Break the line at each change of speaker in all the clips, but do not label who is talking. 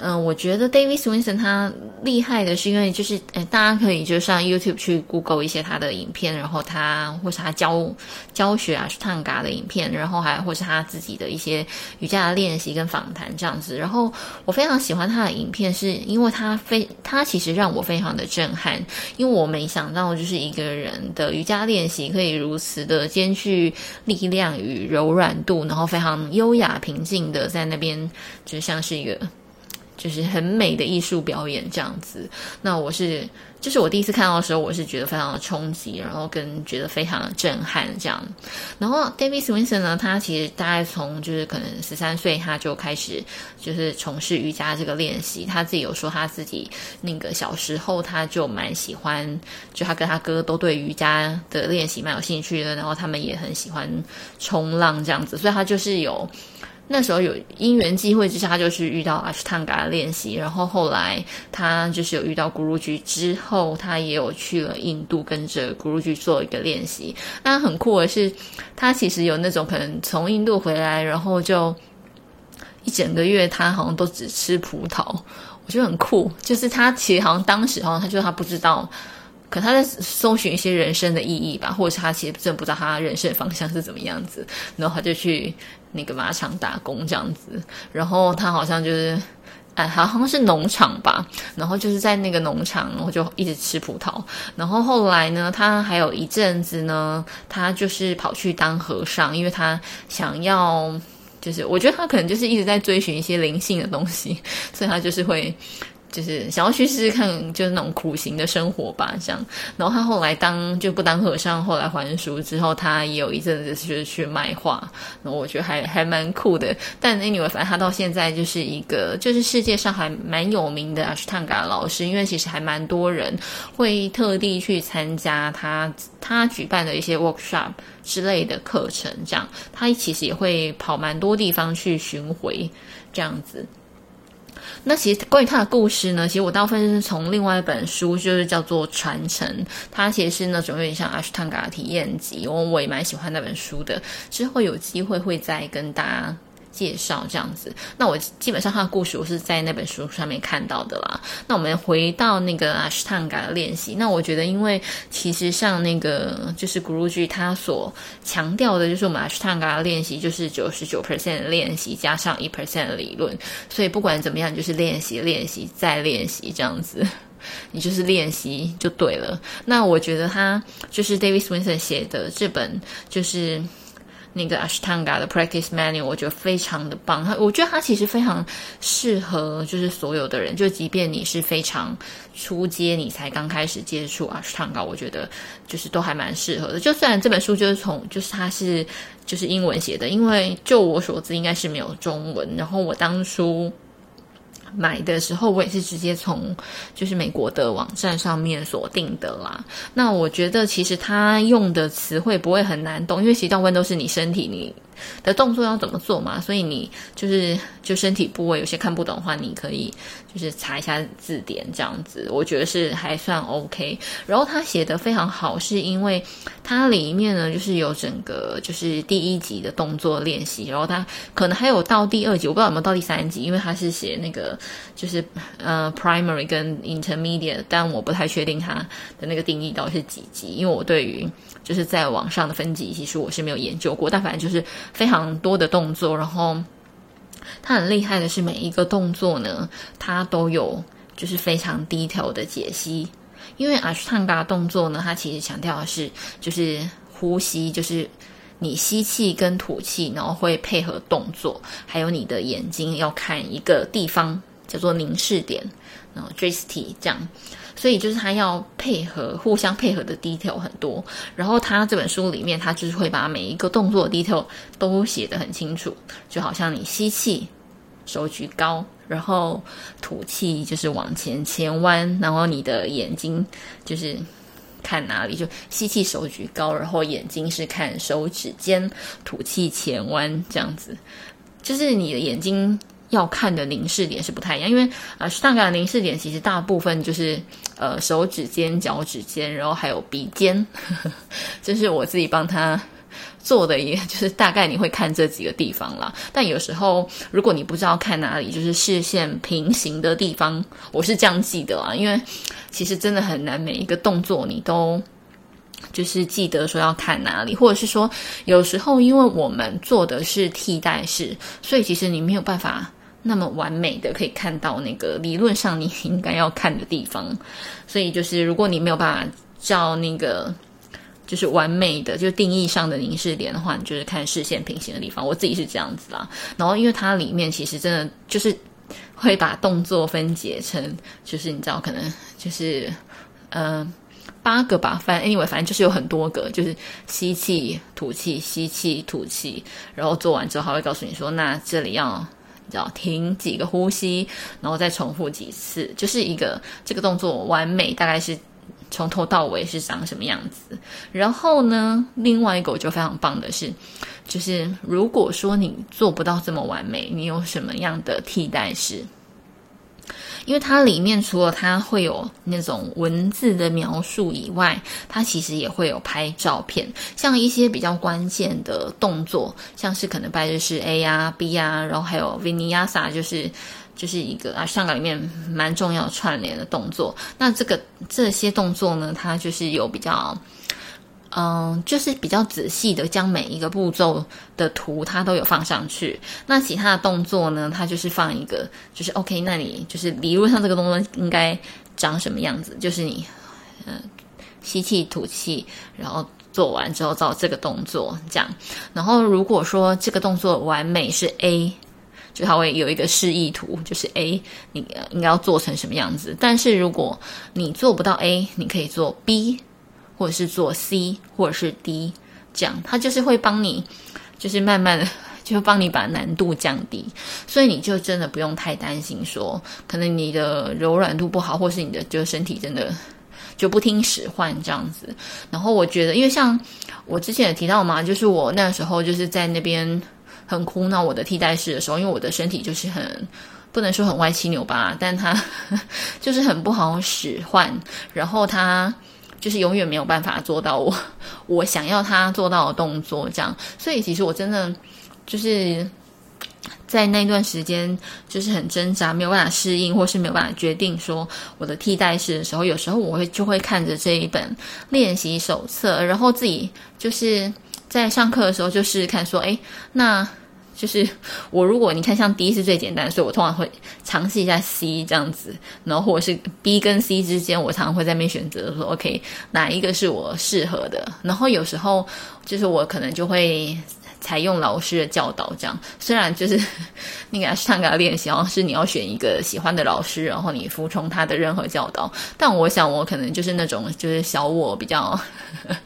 嗯，我覺得 David Swenson 他厲害的是因為就是，哎，大家可以就上 YouTube 去 Google 一些他的影片，然後他或是他教教學啊、去探嘎的影片，然後還或是他自己的一些瑜伽練習跟訪談這樣子。然後我非常喜歡他的影片，是因為他非他其實讓我非常的震撼，因為我沒想到就是一個人的瑜伽練習可以如此的兼具力量與柔軟度，然後非常優雅平靜的在那邊，就像是一個。就是很美的藝術表演這樣子，那我是，就是我第一次看到的時候，我是覺得非常的衝擊，然後跟覺得非常的震撼這樣。然後 David Swenson 呢，他其實大概從就是可能十三歲，他就開始就是從事瑜伽這個練習。他自己有說他自己那個小時候他就蠻喜歡，就他跟他哥都對瑜伽的練習蠻有興趣的，然後他們也很喜歡衝浪這樣子，所以他就是有。那時候有因緣機會之下，他就是遇到阿斯坦加的練習，然後後來他就是有遇到古魯吉之後，他也有去了印度跟着古魯吉做一個練習。但很酷的是，他其實有那種可能從印度回來，然後就一整個月他好像都只吃葡萄，我覺得很酷。就是他其實好像當時好像，他覺得他不知道。可他在搜尋一些人生的意義吧，或者是他其實真的不知道他人生的方向是怎麼樣子，然後他就去那個馬場打工這樣子，然後他好像就是，哎，好像是農場吧，然後就是在那個農場，然後就一直吃葡萄，然後後來呢，他還有一陣子呢，他就是跑去當和尚，因為他想要，就是我覺得他可能就是一直在追尋一些靈性的東西，所以他就是會。就是想要去試試看，就是那種苦行的生活吧，這樣。然後他後來當就不當和尚，後來還俗之後，他也有一陣子就是去賣畫，然後我覺得還還蠻酷的。但 Anyway，欸、反正他到現在就是一個，就是世界上還蠻有名的 Ashtanga 老師，因為其實還蠻多人會特地去參加他他舉辦的一些 workshop 之類的課程，這樣。他其實也會跑蠻多地方去巡迴，這樣子。那其實關於他的故事呢，其實我大部分是從另外一本書，就是叫做《傳承》，它其實呢，是那種有點像阿斯湯嘎體驗集。因為我也蠻喜歡那本書的，之後有機會會再跟大家。介紹這樣子，那我基本上他的故事我是在那本書上面看到的啦。那我們回到那個 Ashtanga 的練習，那我覺得因為其實像那個就是 Guruji 他所強調的，就是我們 Ashtanga 練習就是九十九 percent 的練習加上一 percent 的理論，所以不管怎麼樣，就是練習練習再練習這樣子，你就是練習就對了。那我覺得他就是 David Swenson 寫的這本就是。那個 Ashtanga 的 practice manual，我覺得非常的棒。我覺得它其實非常適合，就是所有的人，就即便你是非常初階，你才剛開始接觸 Ashtanga，我覺得就是都還蠻適合的。就算這本書就是從，就是它是就是英文寫的，因為就我所知應該是沒有中文。然後我當初，買的時候我也是直接從就是美國的網站上面鎖定的啦。那我覺得其實他用的詞彙不會很難懂，因為其實大部分都是你身體你。的動作要怎麼做嘛？所以你就是就身體部位有些看不懂的話，你可以就是查一下字典這樣子，我覺得是還算 OK。然後他寫得非常好，是因為它裡面呢就是有整個就是第一級的動作練習，然後它可能還有到第二級，我不知道有沒有到第三級，因為他是寫那個就是呃 primary 跟 intermediate，但我不太確定他的那個定義到底是幾級，因為我對於。就是在網上的分級，其實我是沒有研究過，但反正就是非常多的動作，然後它很厲害的是每一個動作呢，它都有就是非常低調的解析。因為阿 s 坦 a 動作呢，它其實強調的是就是呼吸，就是你吸氣跟吐氣，然後會配合動作，還有你的眼睛要看一個地方，叫做凝視點。然後 drishti 這樣，所以就是他要配合互相配合的 detail 很多。然後他這本書裡面，他就是會把每一個動作 detail 都寫得很清楚。就好像你吸氣，手舉高，然後吐氣就是往前前彎，然後你的眼睛就是看哪裡？就吸氣手舉高，然後眼睛是看手指尖，吐氣前彎這樣子，就是你的眼睛。要看的凝視點是不太一樣，因為啊，上個的凝視點其實大部分就是呃手指尖、腳趾尖，然後還有鼻尖，這呵呵、就是我自己幫他做的，一個，就是大概你會看這幾個地方啦，但有時候如果你不知道看哪裡，就是視線平行的地方，我是這樣記得啊，因為其實真的很難每一個動作你都就是記得說要看哪裡，或者是說有時候因為我們做的是替代式，所以其實你沒有辦法。那麼完美的可以看到那個理論上你應該要看的地方，所以就是如果你沒有辦法照那個就是完美的就定義上的凝視點的話，你就是看視線平行的地方。我自己是這樣子啦。然後因為它裡面其實真的就是會把動作分解成，就是你知道可能就是嗯、呃、八個吧，反正 anyway 反正就是有很多個，就是吸氣、吐氣、吸氣、吐氣，然後做完之後還會告訴你說，那這裡要。要停幾個呼吸，然後再重複幾次，就是一個這個動作完美，大概是從頭到尾是長什麼樣子。然後呢，另外一個我覺得非常棒的是，就是如果說你做不到這麼完美，你有什麼樣的替代式？因為它裡面除了它會有那種文字的描述以外，它其實也會有拍照片，像一些比較關鍵的動作，像是可能拜日式 A 呀、啊、B 呀、啊，然後還有 Vinyasa 就是，就是一個啊，Ashtanga 裡面蠻重要串聯的動作。那這個這些動作呢，它就是有比較。嗯，就是比較仔細的將每一個步驟的圖，它都有放上去。那其他的動作呢，它就是放一個，就是 OK，那你就是理論上這個動作應該長什麼樣子，就是你，嗯，吸氣吐氣，然後做完之後照這個動作這樣。然後如果說這個動作完美是 A，就它會有一個示意圖，就是 A 你應該要做成什麼樣子。但是如果你做不到 A，你可以做 B。或者是做 C，或者是 D，這樣他就是會幫你，就是慢慢的就幫你把難度降低，所以你就真的不用太擔心說，可能你的柔軟度不好，或是你的就身體真的就不聽使喚這樣子。然後我覺得，因為像我之前也提到嘛，就是我那時候就是在那邊很苦惱我的替代式的時候，因為我的身體就是很不能說很歪七扭八，但它就是很不好使喚，然後它。就是永遠沒有辦法做到我我想要他做到的動作，這樣。所以其實我真的就是在那段時間就是很掙扎，沒有辦法適應，或是沒有辦法決定說我的替代式的時候，有時候我會就會看着這一本練習手冊，然後自己就是在上課的時候就是看說，哎，那。就是我，如果你看像 D 是最簡單，所以我通常會嘗試一下 C 這樣子，然後或者是 B 跟 C 之間，我常常會在那邊選擇說 OK 哪一個是我適合的。然後有時候就是我可能就會採用老師的教導這樣，雖然就是那個阿斯坦加練習，然後是你要選一個喜歡的老師，然後你服從他的任何教導。但我想我可能就是那種就是小我比較，呵呵。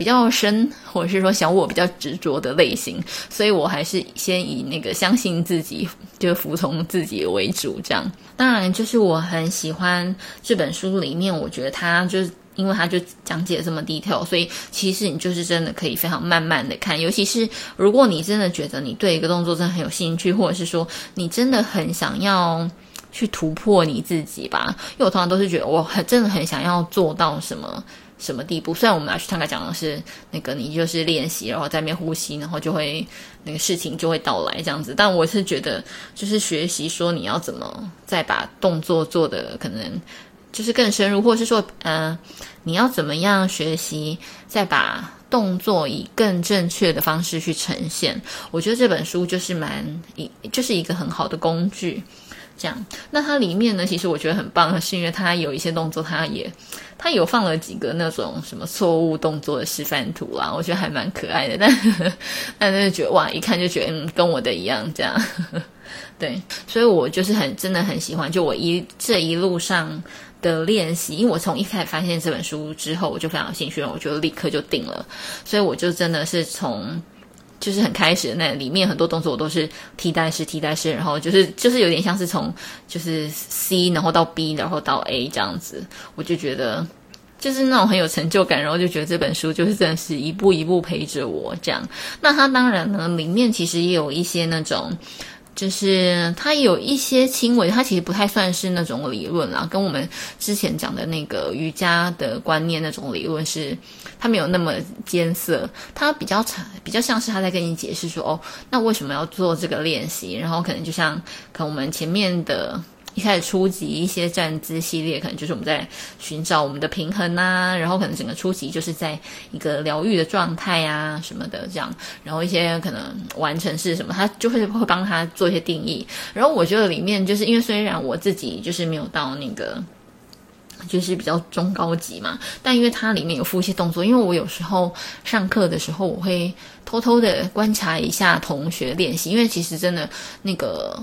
比較深，或者是說小我比較執着的類型，所以我還是先以那個相信自己，就服從自己為主。這樣，當然就是我很喜歡這本書裡面，我覺得它就是因為它就講解了這麼 detail，所以其實你就是真的可以非常慢慢的看。尤其是如果你真的覺得你對一個動作真的很有興趣，或者是說你真的很想要去突破你自己吧，因為我通常都是覺得我很真的很想要做到什麼。什麼地步？雖然我們來去探看講的是那個，你就是練習，然後在那邊呼吸，然後就會那個事情就會到來這樣子。但我是覺得，就是學習說你要怎麼再把動作做得可能就是更深入，或是說，呃，你要怎麼樣學習再把動作以更正確的方式去呈現。我覺得這本書就是蠻一，就是一個很好的工具。這樣，那它裡面呢，其實我覺得很棒，是因為它有一些動作，它也，它有放了幾個那種什麼錯誤動作的示範圖啦，我覺得還蠻可愛的，但但就是覺得哇，一看就覺得嗯，跟我的一樣，這樣，對，所以我就是很真的很喜歡，就我一這一路上的練習，因為我從一開始發現這本書之後，我就非常有興趣，我就立刻就訂了，所以我就真的是從。就是很開始的那裡面很多動作我都是替代式替代式，然後就是就是有點像是從就是 C 然後到 B 然後到 A 這樣子，我就覺得就是那種很有成就感，然後就覺得這本書就是真的是一步一步陪着我這樣。那它當然呢裡面其實也有一些那種。就是他有一些輕微，他其實不太算是那種理論啦，跟我們之前講的那個瑜伽的觀念那種理論是，他沒有那麼艱澀，他比較長，比較像是他在跟你解釋說，哦，那為什麼要做這個練習？然後可能就像跟我們前面的。開始初級一些站姿系列，可能就是我們在尋找我們的平衡啊，然後可能整個初級就是在一個療癒的狀態啊什麼的這樣，然後一些可能完成是什麼，他就會會幫他做一些定義。然後我覺得裡面就是因為雖然我自己就是沒有到那個，就是比較中高級嘛，但因為它裡面有複習動作，因為我有時候上課的時候我會偷偷的觀察一下同學練習，因為其實真的那個。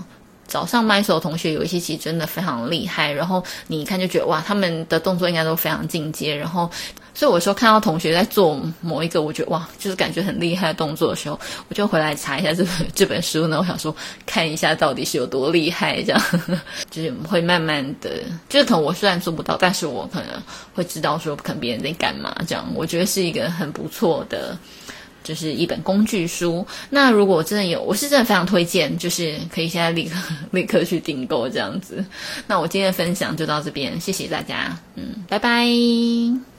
早上麥手同學有一些其實真的非常厲害，然後你一看就覺得哇，他們的動作應該都非常進階。然後所以我說看到同學在做某一個，我覺得哇，就是感覺很厲害的動作的時候，我就回來查一下這本這本書呢。我想說看一下到底是有多厲害，這樣就是會慢慢的，就是可能我雖然做不到，但是我可能會知道說可能別人在幹嘛，這樣我覺得是一個很不錯的。就是一本工具書。那如果真的有，我是真的非常推薦，就是可以現在立刻立刻去訂購這樣子。那我今天的分享就到這邊，謝謝大家，嗯，拜拜。